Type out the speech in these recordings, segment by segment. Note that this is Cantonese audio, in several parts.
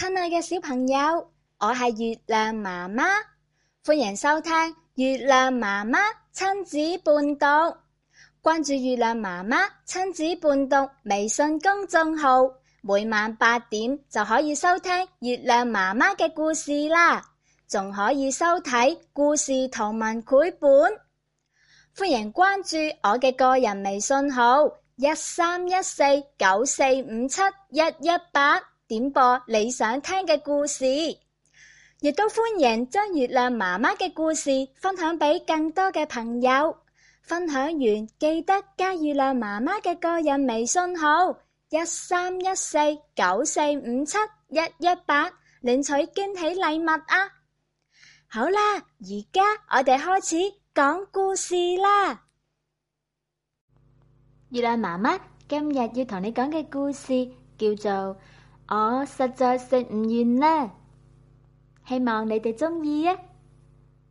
親愛嘅小朋友，我係月亮媽媽，歡迎收聽月亮媽媽親子伴讀。關注月亮媽媽親子伴讀微信公眾號，每晚八點就可以收聽月亮媽媽嘅故事啦，仲可以收睇故事圖文繪本。歡迎關注我嘅個人微信號一三一四九四五七一一八。點播你想聽嘅故事！我、哦、實在食唔完呢。希望你哋中意啊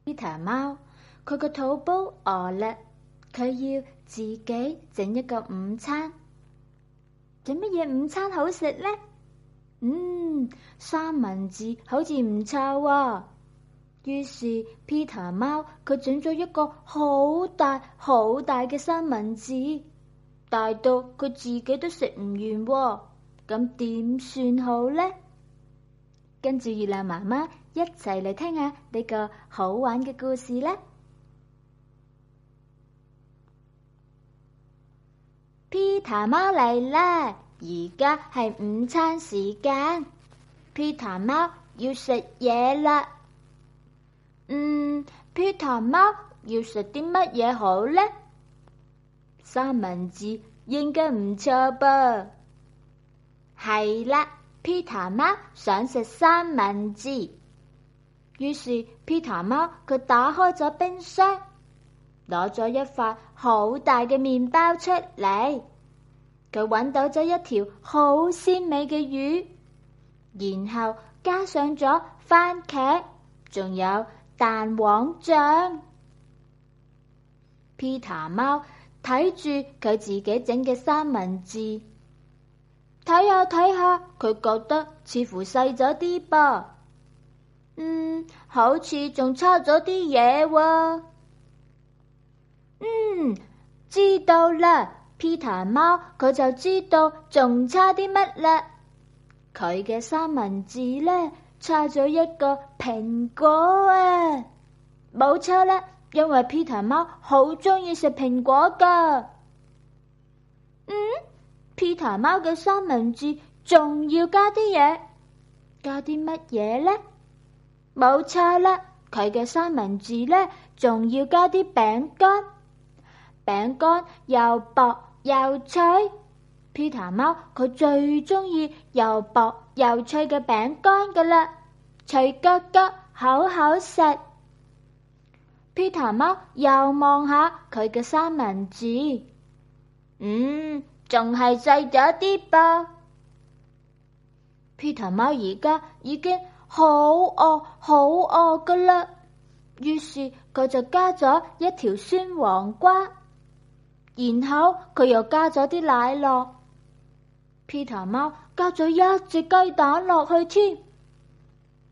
！Peter 貓佢個肚煲餓啦，佢要自己整一個午餐。整乜嘢午餐好食呢？嗯，三文治好似唔臭啊。於是 Peter 貓佢整咗一個好大好大嘅三文治，大到佢自己都食唔完，啊。咁點算好呢？跟住月亮媽媽一齊嚟聽下呢個好玩嘅故事啦！Peter 貓嚟啦，而家係午餐時間，Peter 貓要食嘢啦。嗯，Peter 貓要食啲乜嘢好呢？三文治應該唔錯吧？係啦，Peter 貓想食三文治，於是 Peter 貓佢打開咗冰箱，攞咗一塊好大嘅麵包出嚟，佢搵到咗一條好鮮美嘅魚，然後加上咗番茄，仲有蛋黃醬。Peter 貓睇住佢自己整嘅三文治。睇下睇下，佢覺得似乎細咗啲噃。嗯，好似仲差咗啲嘢喎。嗯，知道啦，Peter 貓佢就知道仲差啲乜啦。佢嘅三文治咧，差咗一個蘋果啊！冇錯啦，因為 Peter 貓好中意食蘋果噶。嗯。Peter 貓嘅三文治仲要加啲嘢，加啲乜嘢呢？冇錯啦，佢嘅三文治呢，仲要加啲餅乾，餅乾又薄又脆。Peter 貓佢最中意又薄又脆嘅餅乾噶啦，脆吉吉、好好食。Peter 貓又望下佢嘅三文治，嗯。仲係細咗啲吧？Peter 貓而家已經好餓，好餓噶啦。於是佢就加咗一條酸黃瓜，然後佢又加咗啲奶酪。Peter 貓加咗一隻雞蛋落去添，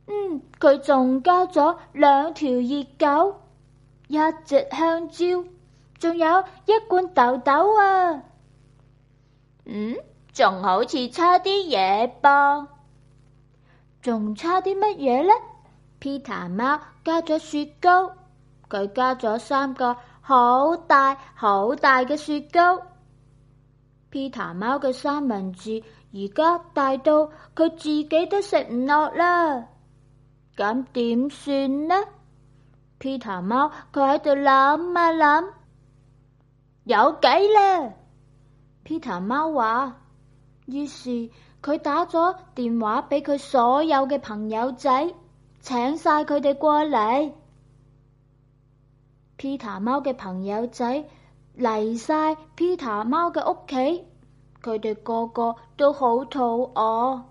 嗯，佢仲加咗兩條熱狗，一隻香蕉，仲有一罐豆豆啊！嗯，仲好似差啲嘢噃，仲差啲乜嘢呢？Peter 貓加咗雪糕，佢加咗三個好大好大嘅雪糕。Peter 貓嘅三文治而家大到佢自己都食唔落啦，咁點算呢？Peter 貓佢喺度諗啊諗，有計啦！Peter 貓話，於是佢打咗電話俾佢所有嘅朋友仔，請晒佢哋過嚟。Peter 貓嘅朋友仔嚟晒 Peter 貓嘅屋企，佢哋個個都好肚餓。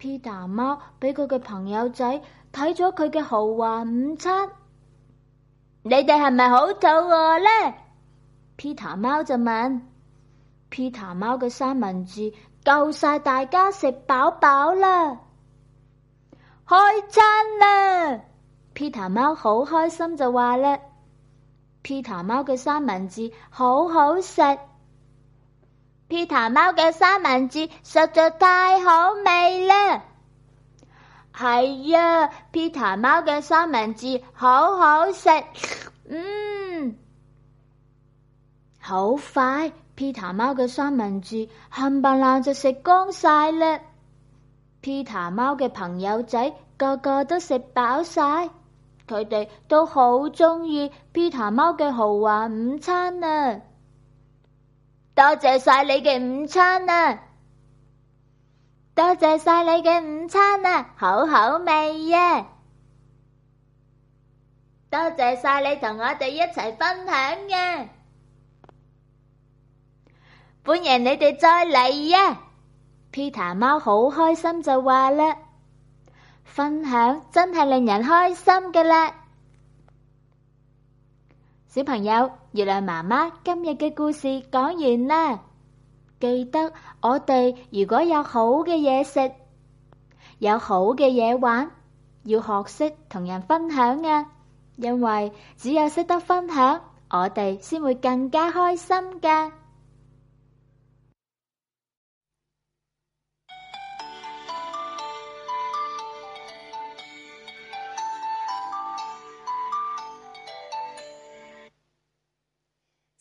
Peter 貓俾佢嘅朋友仔睇咗佢嘅豪華午餐，你哋係咪好肚餓呢？Peter 貓就問。Peter 貓嘅三文治夠晒大家食飽飽啦，開餐啦！Peter 貓好開心就話啦，Peter 貓嘅三文治好好食，Peter 貓嘅三文治實在太好味啦！係呀，Peter 貓嘅三文治好好食，嗯，好快。Peter 貓嘅三文治冚唪唥就食光晒啦，Peter 貓嘅朋友仔個個都食飽晒，佢哋都好鍾意 Peter 貓嘅豪華午餐啊！多謝晒你嘅午餐啊！多謝晒你嘅午餐啊！好好味啊！多謝晒你同我哋一齊分享嘅、啊。歡迎你哋再嚟呀，Peter 貓好開心就話啦，分享真係令人開心嘅啦。小朋友，月亮媽媽今日嘅故事講完啦，記得我哋如果有好嘅嘢食，有好嘅嘢玩，要學識同人分享啊！因為只有識得分享，我哋先會更加開心噶。